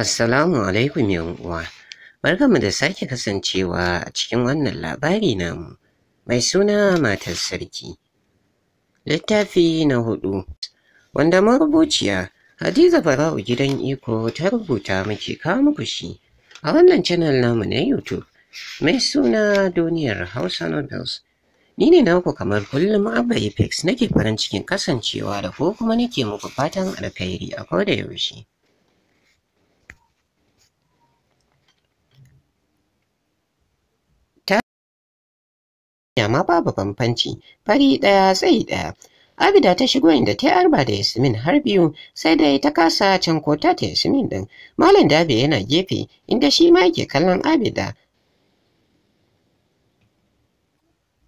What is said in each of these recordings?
Assalamu alaikum uwa. Barkanmu da sake kasancewa a cikin wannan labari namu mai suna matar sarki. Littafi na hudu wanda marubuciya Hadiza Fara'u gidan iko ta rubuta muke kawo muku shi a wannan channel namu na YouTube mai suna duniyar Hausa Novels. Ni ne naku kamar kullum Abba Apex nake farin cikin kasancewa da ko kuma nake muku fatan alkhairi a koda yaushe. gaskiya babu bambanci fari ɗaya tsayi ɗaya Abida ta shigo inda ta arba da Yasmin har biyu sai dai ta kasa can ko ta Yasmin ɗin. Malam Dabe yana gefe inda shi ma yake kallon Abida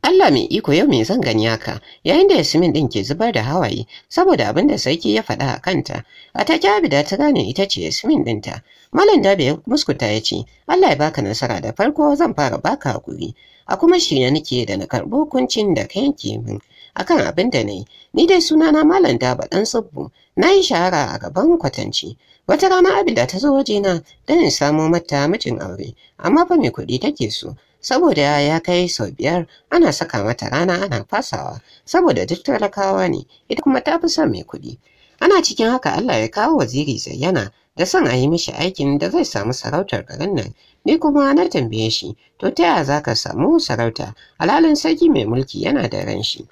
Allah mai iko yau me zan gani haka yayin da Yasmin din ke zubar da hawaye saboda abin da sarki ya faɗa a kanta. A ta da ta gane ita ce Yasmin dinta. Malam Dabe ya muskuta ya ce Allah ya baka nasara da farko zan fara baka hakuri. A kuma shi ne nake da na karɓo hukuncin da ka yanke min akan abin da na Ni dai sunana Malam Daba ɗan subbu na yi shahara a gaban kwatanci. Wata rana Abida ta zo wajena don in samo mata mijin aure amma fa mai kuɗi take so. saboda ya kai sau biyar ana saka mata rana ana fasawa saboda duk talakawa ne ita kuma ta fi son mai kuɗi ana cikin haka Allah ya kawo waziri zayyana da son a yi mishi aikin da zai samu sarautar garin nan ni kuma na tambaye shi to ta yaya za ka samu sarauta alhalin sarki mai mulki yana da ran shi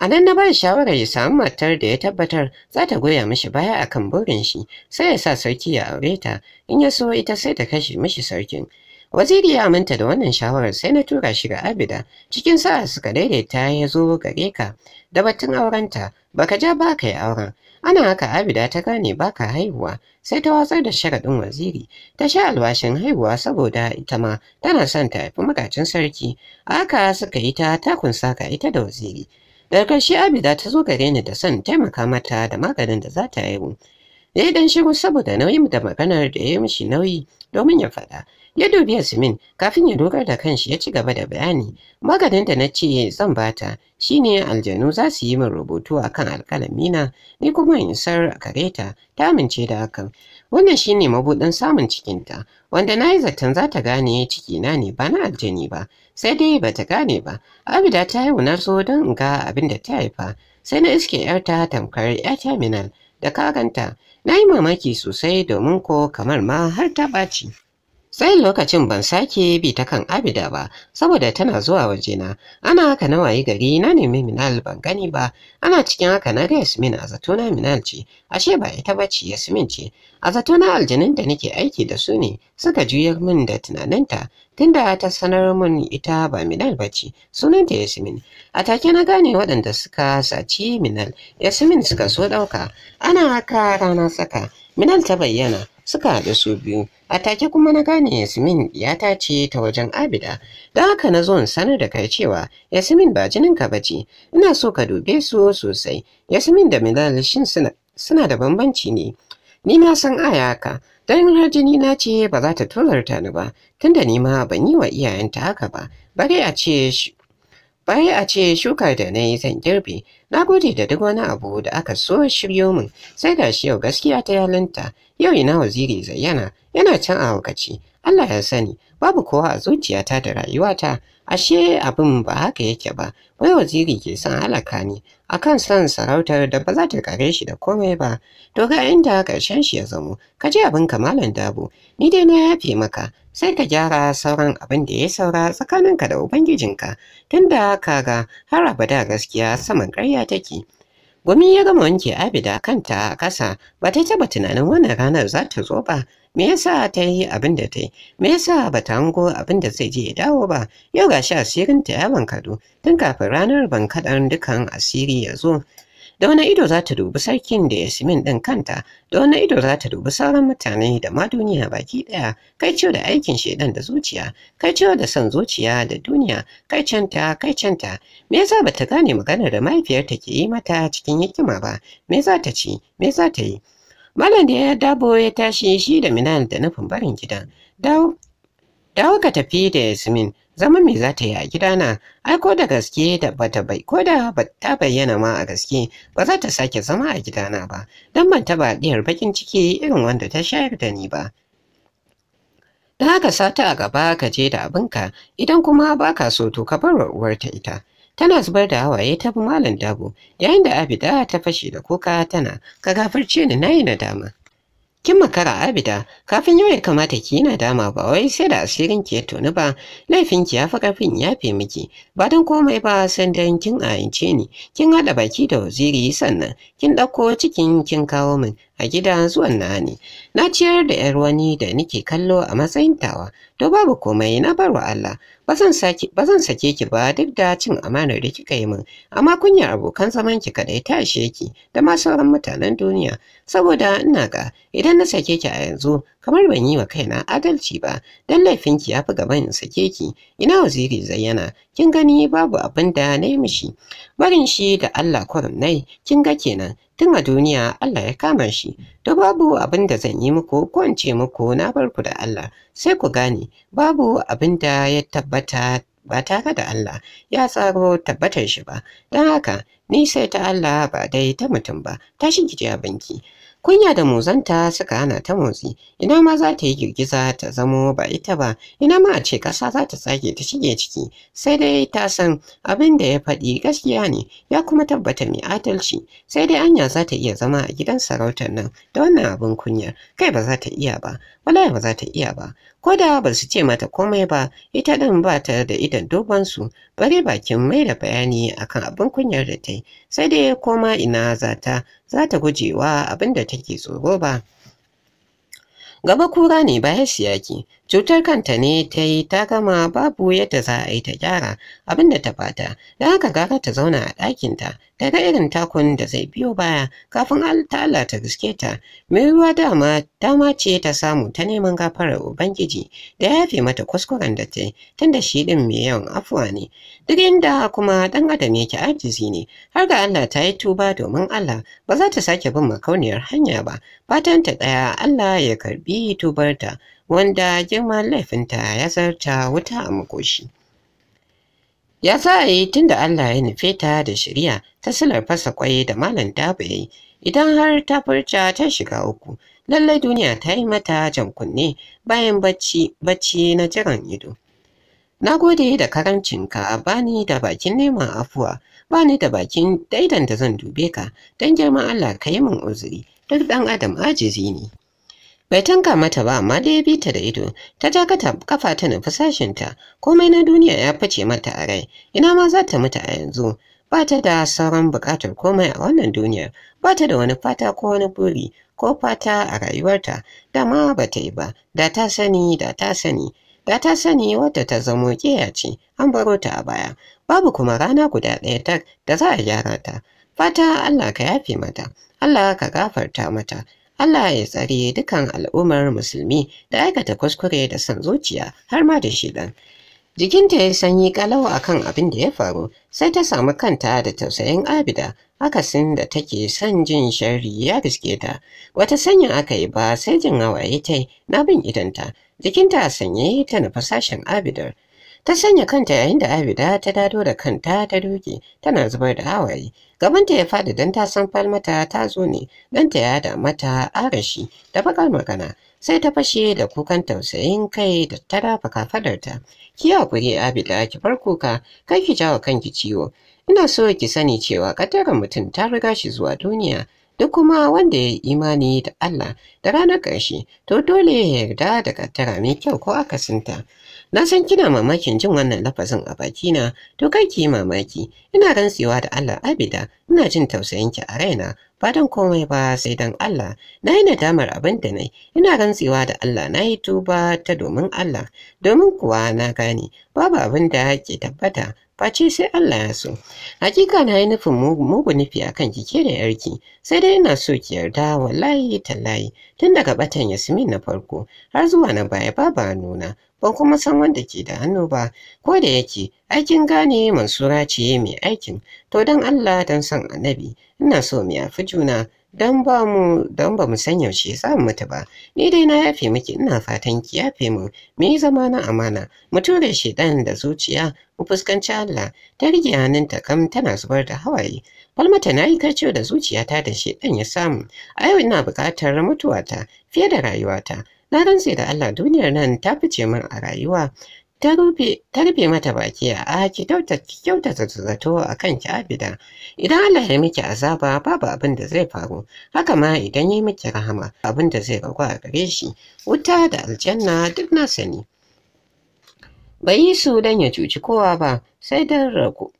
a nan na ba shawarar ya samu matar da ya tabbatar za ta goya mishi baya akan burin shi sai ya sa sarki ya aure ta in ya so ita sai ta kashe mishi sarkin Waziri ya aminta da wannan shawarar sai na tura shi ga Abida, cikin sa'a suka daidaita ya zo gare ka da batun aurenta, baka ja baka ka yi auren. Ana haka Abida ta gane baka haihuwa, sai ta watsar da sharaɗin waziri, ta sha albashin haihuwa saboda ita ma tana son ta haifi magacin sarki, haka suka yi ta takun saka ita da waziri. Daga ƙarshe Abida ta zo gare ni da son taimaka mata da maganin da za ta haihu. Ya yi dan shiru saboda nauyin da maganar da ya yi mishi nauyi domin ya faɗa. ya dubi Yasmin kafin ya dogar da kanshi ya ci gaba da bayani maganin da na ce zan bata shine aljanu za su yi min rubutu akan alkalamina ni kuma in sar kareta ta amince da hakan wannan shine mabuɗin samun cikinta wanda na yi zaton za ta gane cikina ne ba na aljani ba sai dai ba ta gane ba abida ta yi wunar so don in ga abin da ta haifa sai na iske yarta tamkar ya terminal da kakanta na yi mamaki sosai domin ko kamar ma har ta ɓaci. sai lokacin ban sake bi ta kan abida ba saboda tana zuwa wajena ana haka na waye gari na nemi minal ban gani ba ana cikin haka na ga yasmin a zatona minal ce ashe ba ita ba ce yasmin ce a na aljinin da nake aiki da su ne suka juyar min da tunaninta tunda ta sanar min ita ba minal ba ce sunanta yasmin a take na gane waɗanda suka saci minal yasmin suka so ɗauka ana haka rana saka minal ta bayyana suka haɗu su biyu a take kuma na gane yasmin ya tace ta wajen abida da haka na zo sanar da kai cewa yasmin ba jininka ba ce ina so ka dube su sosai yasmin da milal shin suna, suna da bambanci ne ni na san aya haka don har jini na ce ba za ta tozarta ni ba tunda ni ma ban yi wa iyayenta haka ba bare a ce bare a ce shukar da na yi zan girbe Na gode da duk wani abu da aka so shiryo min, sai ga shi yau gaskiya ta yalinta, yau ina waziri zayyana, yana can a haukaci, Allah ya sani, babu kowa a zuciyata da rayuwata, ashe abin ba haka yake ba, wai waziri ke son halaka A kan son sarautar da ba za ta kare shi da komai ba, to ga inda ƙarshen shi ya zamo, ka ji abin kamalan dabo, ni dai na yafe maka, sai ka gyara sauran abin da ya saura tsakaninka da ubangijinka tunda ga har abada gaskiya saman ƙarya take Gumi ya gama wanke Abida kanta a ƙasa ba ta taɓa tunanin wannan ranar za ta zo ba. Me yasa ta yi abin da ta yi? Me yasa ba ta hango abin da zai je ya dawo ba? Yau ga shi asirin ta ya bankado tun kafin ranar bankaɗan dukan asiri ya zo. da wani ido za ta dubi sarkin da yasmin ɗin kanta da wani ido za ta dubi sauran mutane da ma duniya baki ɗaya kai ciwo da aikin shaidan da zuciya kai ciwo da son zuciya da duniya kai canta kai canta me yasa ba ta gane maganar da mahaifiyarta ke yi mata cikin hikima ba me za ta ci me za ta yi malam da ya dabo ya tashi shi da minan da nufin barin gidan dawo da ka tafi da yasmin zama me za ta yi a gidana ai ko da gaske da bata bai ko da ta bayyana ma a gaske ba za ta sake zama a gidana ba don ban taba diyar bakin ciki irin wanda ta shayar da ni ba da haka sata a gaba ka je da abinka idan kuma baka so to ka bar uwar ta ita tana zubar da hawaye ta bi malam dabo yayin da abida ta fashe da kuka tana ka gafarce ni nayi nadama kin makara abida kafin yau ya kamata ki na dama ba wai sai da asirin ki ya tuni ba laifin ki ya fi ƙarfin ya fi miki ba don komai ba san dan kin ayince ni kin haɗa baki da waziri sannan kin ɗauko cikin kin kawo min a gida, zuwan na ne na ciyar da yar wani da nike kallo a matsayin tawa to babu komai na bar wa Allah ba zan sake ki ba duk da cin amanar da kika yi min amma kunyar abokan zaman ki kadai ta ashe ki da ma sauran mutanen duniya saboda ina ga idan na sake ki a yanzu kamar ban yi wa kaina adalci ba dan laifin ki yafi gaban in sake ki ina waziri zayyana kin gani babu abin da na yi mishi barin shi da Allah kwarin nai kin ga kenan tun a duniya Allah ya kama shi to babu abin da zan yi muku ko in ce muku na barku da Allah sai ku gane babu abin da ya tabbata ba tare da Allah ya tsaro tabbatar shi ba don haka ni sai ta Allah ba dai ta mutum ba ta shi a banki Kunya da muzanta suka hana ta motsi, ina ma za ta yi girgiza ta zamo ba ita ba, ina ma a ce ƙasa za ta tsage ta shige ciki, sai dai ta san abin da ya faɗi gaskiya ne, ya kuma tabbata mai adalci, sai dai anya za ta iya zama a gidan sarautar nan da wannan abin kunya, kai ba za ta iya ba, wallahi ba za ta iya ba ko da ba su ce mata komai ba ita din ba ta da idan dogon su bare bakin mai da bayani akan abin kunyar da ta yi sai dai koma ina za ta za ta gujewa abin da take tsoro ba gaba kura ne bayan siyaki cutar kanta ne ta yi ta gama babu yadda za a yi ta gyara abin da ta fata da haka gara ta zauna a ɗakinta Daga irin takun da zai biyo baya kafin ta Allah ta gaske ta mai ruwa dama dama ce ta samu ta neman gafarar ubangiji da ya yafe mata kuskuren da ta yi tunda shi din mai yawan afuwa ne duk inda kuma dan adam yake ajizi ne har ga Allah ta yi tuba domin Allah ba za ta sake bin makauniyar hanya ba fatan ta ɗaya Allah ya karbi tubarta wanda girman laifinta ya zarta wuta a makoshi. Ya za a yi tun da Allah ya nufe ta da shirya ta silar fasa kwaye da malam daba ya idan har ta furta ta shiga uku. Lallai duniya ta yi mata jan kunne bayan bacci bacci na jiran ido. Na gode da karancinka bani da bakin neman afuwa bani da bakin daidan da zan dube ka don girman Allah ka yi min uzuri duk ɗan adam ajizi ne. bai tanka mata ba amma da ya bi ta da ido ta ja kafa ta nufi ta komai na duniya ya fice mata a rai ina ma za ta mutu a yanzu ba ta da sauran buƙatar komai a wannan duniyar ba ta da wani fata ko wani buri ko fata a rayuwarta Da ma ba ta yi ba da ta sani da ta sani da ta sani wadda ta zamo ƙiya ce an baro ta a baya babu kuma rana guda ɗaya ta da za a gyara ta fata Allah ka yafe mata Allah ka gafarta mata Allah ya tsare dukan al'ummar musulmi da aikata kuskure da son zuciya har ma da shidan. Jikinta ya sanyi kalau kan abin da ya faru sai ta samu kanta da tausayin abida akasin da take son jin shari ya riske ta wata sanya aka yi ba sai jin hawaye ta na bin idanta jikinta sanye ta nufa sashen abidar ta sanya kanta yayin da abida ta dado da kanta ta duke tana zubar da hawaye gabanta ya fadi dan ta san falmata ta zo ne ɗanta ya yada mata arashi da bakar magana sai ta fashe da kukan tausayin kai da ta dafa kafadarta ki kuri abida ki bar kuka kai ki jawo kanki ciwo ina so ki sani cewa ƙaddarar mutum ta riga shi zuwa duniya duk kuma wanda ya yi imani da Allah da ranar ƙarshe to dole ya yarda da kaddara mai kyau ko akasinta. Na san kina mamakin jin wannan lafazin a bakina, to kai ki mamaki. Ina rantsewa da Allah Abida, ina jin tausayinki a raina, ba dan komai ba sai dan Allah. Na yi nadamar abin da nai, ina rantsewa da Allah na yi tuba ta domin Allah, domin kuwa na gane babu abin da ke tabbata face sai Allah ya so. Hakika na yi nufin mugu nufi a kan kike da yarki, sai dai ina so ki yarda wallahi tallahi tun daga batan Yasmin na farko har zuwa na baya babu nuna ko kuma san wanda ke da hannu ba ko da yake aikin gane mansura ce mai aikin to don allah don san annabi ina so mu yafi juna don ba mu dan ba mu san yaushe za mu mutu ba ni dai na yafe miki ina fatan ki yafe mu me zama na amana mu shi shedan da zuciya mu fuskanci Allah ta rige hannunta kam tana zubar da hawaye falmata na yi karciyo da zuciyata da shedan ya samu a yau ina buƙatar mutuwata fiye da rayuwata Na rantse da Allah duniyar nan ta fice min a rayuwa. Ta rufe mata baki a ki kyautata zato a kan ki abida. Idan Allah ya miki azaba babu abin da zai faru, haka ma idan ya miki rahama abin da zai ragu a gare shi, wuta da aljanna duk na sani. Bai yi su don ya cuci kowa ba, sai don rago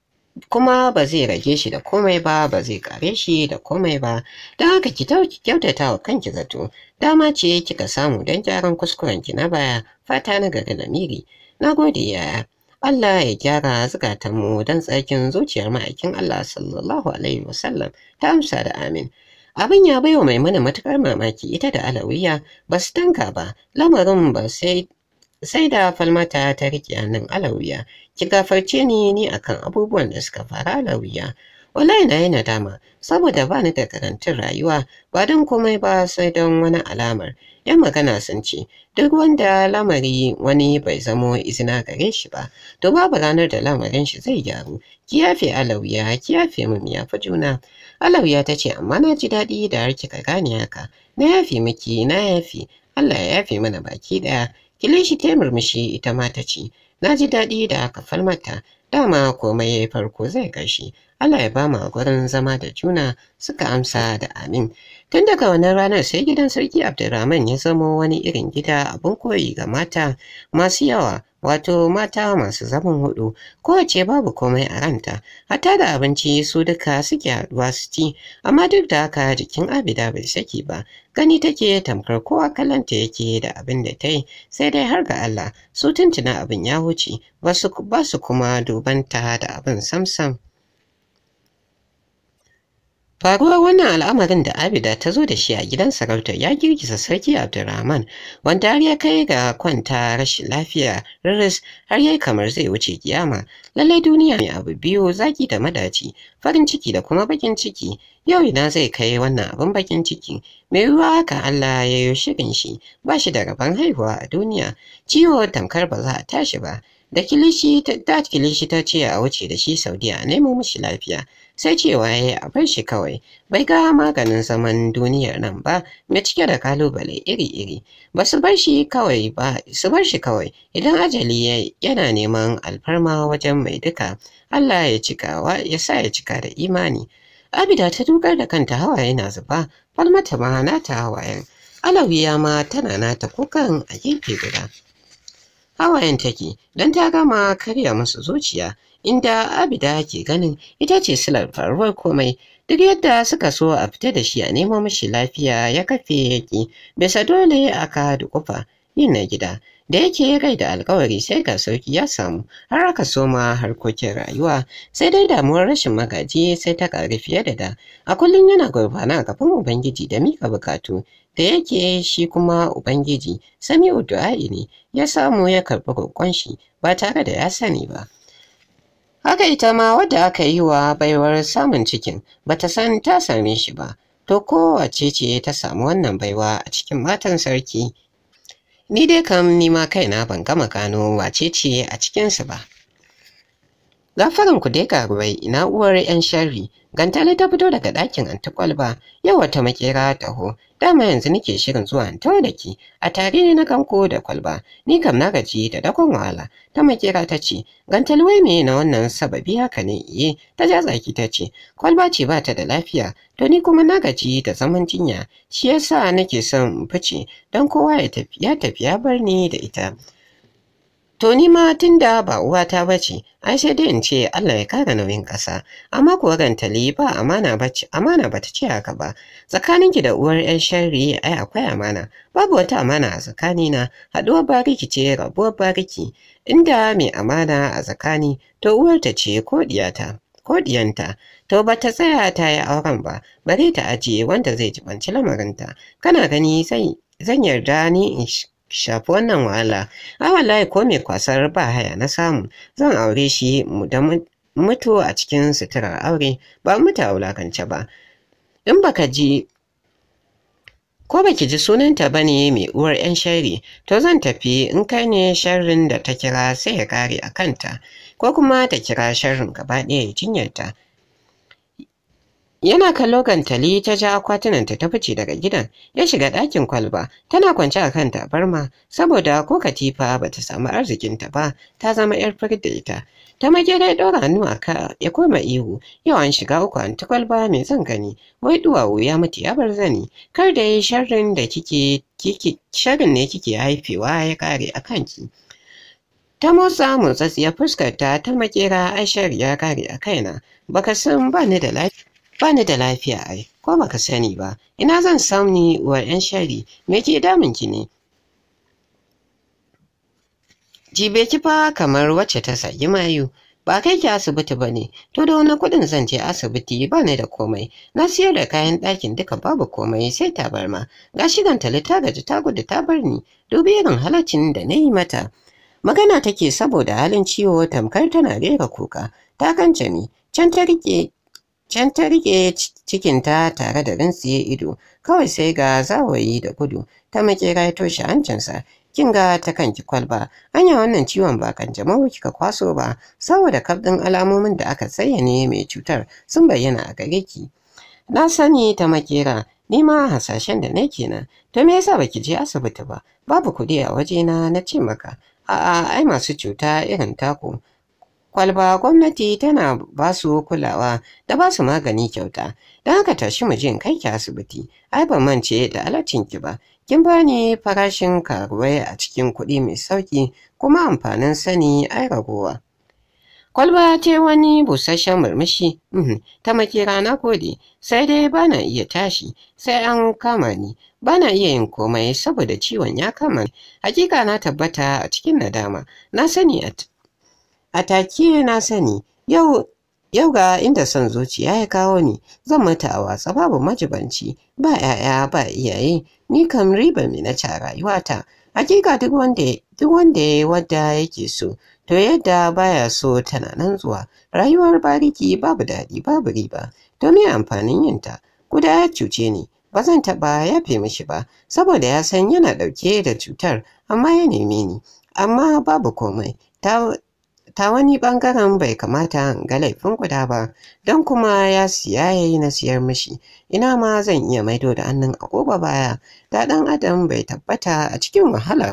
kuma ba zai rage shi da komai ba ba zai kare shi da komai ba don haka ki kyautata wa kanki zato dama ce kika samu don gyaran kuskuren ki na baya fata na gari da miri na gode yaya Allah ya gyara mu don tsakin zuciyar ma'aikin Allah sallallahu alaihi wasallam ta amsa da amin abin ya baiwa maimuna matukar mamaki ita da alawiya ba su tanka ba lamarin ba sai sai da falmata ta riƙe hannun alawiya ki gafarce ni ni akan abubuwan da suka fara alawiya wallahi na yi nadama saboda ba ni da karantun rayuwa ba don komai ba sai don wani alamar yan magana sun ce duk wanda lamari wani bai zamo izina gare shi ba to babu ranar da lamarin shi zai gyaru ki yafe alawiya ki yafe min ya fi juna alawiya ta ce amma na ji daɗi da har kika gane haka na yafe miki na yafe Allah ya yafe mana baki ɗaya Kilishi ta murmushi ita ma ta ce, Na ji daɗi da aka falmata, dama komai ya yi farko zai ƙarshe. Allah ya ba mu gurin zama da juna suka amsa da amin. Tun daga wannan ranar sai gidan sarki abdurrahman ya zamo wani irin gida abin koyi ga mata masu yawa wato mata masu zaman hudu ce babu komai a ranta hatta da abinci su duka suke haduwa su ci amma duk da haka jikin abida bai saki ba gani take tamkar kowa kalanta yake da abin da ta yi sai dai har ga Allah su tuntuna abin ya wuce ba su kuma ta da abin samsam. Faruwar wannan al'amarin da Abida ta zo da shi a gidan sarautar ya girgiza sarki Abdulrahman, wanda har ya kai ga kwanta rashin lafiya riris har yayi kamar zai wuce kiyama. Lallai duniya mai abu biyu zaki da madaci, farin ciki da kuma bakin ciki. Yau idan zai kai wannan abin bakin ciki. Mai yiwuwa haka Allah ya yi shirin shi ba shi da rabon haihuwa a duniya. Ciwo tamkar ba za a tashi ba. Da kilishi ta ce a wuce da shi Saudiya a nemo mishi lafiya. sai cewa ya a bar shi kawai bai ga maganin zaman duniyar nan ba mai cike da kalubale iri-iri ba su bar shi kawai ba su bar shi kawai idan ajali yana neman alfarma wajen mai duka Allah ya cikawa ya sa ya cika da imani Abida ta dukar da kanta hawaye na zuba falmata ma nata hawayen alawiya ma tana nata kukan a gefe guda hawayen take don ta gama karya musu zuciya inda abida ke ganin ita ce silar faruwar komai duk yadda suka so a fita da shi a nemo mashi lafiya ya kafe yaki bisa dole aka kufa yin na gida da yake rai da alkawari sai ga sauki ya samu har aka soma harkokin rayuwa sai dai damuwar rashin magaji sai ta ƙari fiye da da a kullum yana gurbana gaban ubangiji da mika bukatu da yake shi kuma ubangiji sami du'a'i ne ya samu ya karɓi roƙon shi ba tare da ya sani ba haka ita ma wadda aka yi wa baiwar samun cikin ba ta san ta same shi ba to kowace ce ta samu wannan baiwa a cikin matan sarki ni dai kam nima kaina ban gama gano wace ce a cikinsu ba Gafaran ku dai karuwai ina uwar yan sharri. gantale ta fito daga ɗakin antikwalba yau wata makera taho. Dama yanzu nake shirin zuwa in da ki a tare ne na kanko da kwalba. Ni kam na gaji da dakon wahala. Ta makera ta ce Gantale wai me na wannan sababi haka ne iye eh, ta ja zaki ta ce kwalba ce ba ta da lafiya to ni kuma na gaji da zaman jinya shi yasa nake son fice don kowa ya tafiya ya bar ni da ita. To ni ma tun da ba uwata ba ce, ai sai dai in ce Allah ya kara nauyin ƙasa, amma kuwa gantali, ba amana ba amana ba ta ce haka ba. tsakanin ki da uwar 'yan sharri ai akwai amana, babu wata amana a tsakanina, haɗuwar bariki ce rabuwar bariki, inda mai amana a tsakani to ta ce ko diyata. to ba ta tsaya ta yi auren ba bare ta ajiye wanda zai jibanci lamarinta kana gani zan yarda ni shafi wannan wahala ai wallahi ko me kwasar ba haya na samu zan aure shi da mutu a cikin suturar aure ba mu ta wulakance ba in baka ji ko baki ji sunanta ba ne mai uwar 'yan shari to zan tafi in kai ne sharrin da ta kira sai ya kare a kanta ko kuma ta kira sharrin gaba ɗaya ya jinyarta Yana kallo gantali ta ja akwatinanta ta fice daga gidan ya shiga ɗakin kwalba tana kwance a kan tabarma saboda ko katifa ba ta samu arzikinta ba ta zama yar da ita. Ta mage dai ɗora hannu a ka ya koma ihu yawan shiga uku an ta kwalba mai zan gani wai duwawu ya mutu ya bar zani kar da yi sharrin da kike sharrin ne kike haifewa ya kare a kanki. ta motsa motsa motsatsiyar fuskarta ta makera aishar ya kare a kaina baka san ba ni da lafiya ba ni da lafiya ai ko baka sani ba ina zan samu ni wa yan shari me ke damun ki ne jibe ki fa kamar wacce ta sagi mayu ba kai ki asibiti bane to da wani kuɗin zan je asibiti ba ni da komai na siyar da kayan ɗakin duka babu komai sai tabarma gashi dan ta gaji ta gudu ta bar ni dubi irin halaccin da na yi mata magana take saboda halin ciwo tamkar tana rera kuka ta kance ni can ta rike Can ta riƙe cikinta tare da rintsiye ido, kawai sai ga zawayi da gudu, ta makera ya toshe hancinsa, kin ga ta kan ki kwalba, anya wannan ciwon ba kan jama'u kika kwaso ba, saboda kabɗin alamomin da aka ne mai cutar sun bayyana a gare ki. Na sani ta makera, ni ma hasashen da na kenan, to me yasa baki je asibiti ba, babu kuɗi a wajena na ce maka, a'a ai masu cuta irin taku kwalba gwamnati tana ba su kulawa da ba su magani kyauta don haka tashi mu jin kai asibiti ai ban mance da alacin ki ba kin bani farashin karuwai a cikin kuɗi mai sauki kuma amfanin sani ai ragowa kwalba ce wani busasshen murmushi uhm, ta makera na gode sai dai bana iya tashi sai an kama ni bana iya yin komai saboda ciwon ya kama hakika na tabbata a cikin nadama na sani a a take na sani yau yau ga inda son zuciya ya kawo ni zan mutu a wasa, babu majibanci ba 'ya'ya ba iyaye ni kam riba mai na ci a rayuwata hakika duk wanda duk wanda ya wadda yake so to yadda baya so tana nan zuwa rayuwar bariki babu daɗi babu riba to me amfanin yinta guda ya cuce ni ba zan taɓa yafe mishi ba saboda ya san yana ɗauke da cutar amma ya neme ni amma babu komai ta ta wani ɓangaren bai kamata ga laifin guda ba don kuma ya siya ya yi na siyar mashi ina ma zan iya maido da hannun goga baya da ɗan adam bai tabbata a cikin wahala